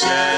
shine.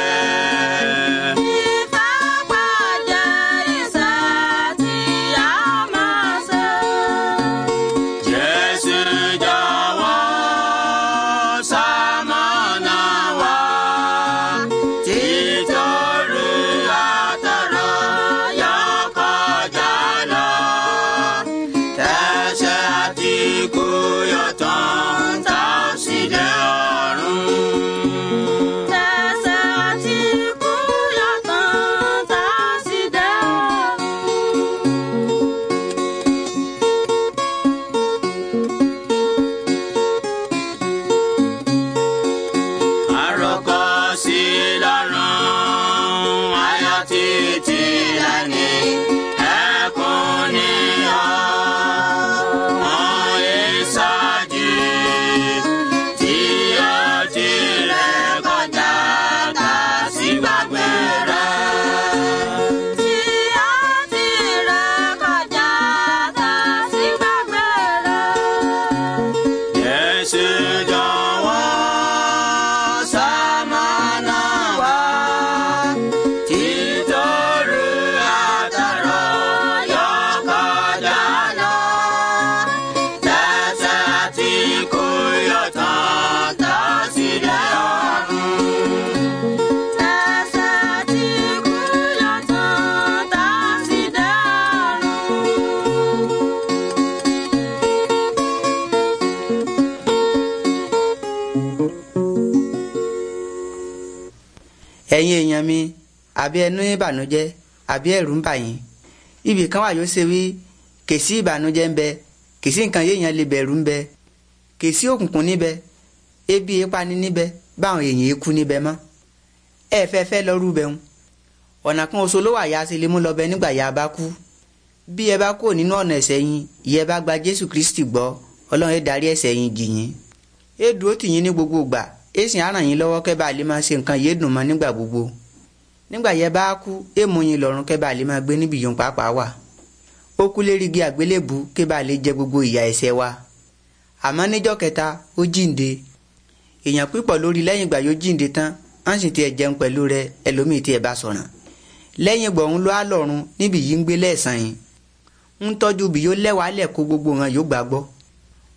ẹ̀yin èèyàn mi àbí ẹnu ìbànújẹ́ àbí ẹ̀rù ń bà yín ibì kan wà yóò ṣe wí kèsí ìbànújẹ́ ń bẹ kèsí nǹkan yéèyàn lè bẹ̀rù ń bẹ kèsí òkùnkùn níbẹ̀ ebi ìpani níbẹ̀ báwọn èèyàn ikú níbẹ̀ mọ́ ẹ fẹ́ fẹ́ lọ́rù bẹ̀hùn ọ̀nà kan oṣù ló wà ya sí lè mú lọ bẹ nígbà yá bá kú bí ẹ bá kú nínú ọ̀nà ẹ̀ṣẹ̀ yín ìyẹn bá gba Jésù Kristi gbọ́ Ọlọ́run ẹ darí ẹ̀ṣẹ̀ yín jì yín ẹ dúró tì yín ní gbogbo ìgbà esi àràn yín lọ́wọ́ kẹ́ bá lè máa ṣe nǹkan yìí nigba gbogbo nigba yẹn bá kú èèmù yín lọ́rùn kẹ́ bá lè máa gbé níbi yòó pàápàá wà ó kú lérígi àgbélébù kẹ́ bá lè jẹ gbogbo iya ẹ̀ṣẹ̀ wa àmọ́ níjọ́ kẹta ó jíǹde èèyàn pípọ̀ lórí lẹ́yìn ìgbà yóò jíǹde tán á sì tiẹ̀ jẹun pẹ̀lú rẹ ẹlòmíì tiẹ̀ bá sọ̀ràn lẹ́yìn gbọ̀n ló á lọ́rùn níbi yìí ń gbé lẹ́ẹ̀sán yìí ń tọ́jú bí yóò lẹ́wàá lẹ̀ gbogbo wọn yóò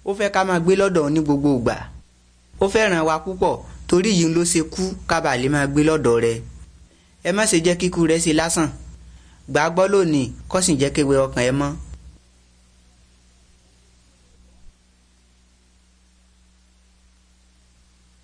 ó ká máa gbé ní gbogbo ìgbà ó fẹ́ràn wa púpọ̀ torí yìí ló ṣe kú kábà lè máa gbé lọ́dọ̀ rẹ̀ ẹ má ṣe jẹ́ kíkú rẹ̀ ṣe lásán gbàgbọ́ lónìí kọ́sìn jẹ́ kéwe ọkàn ẹ mọ́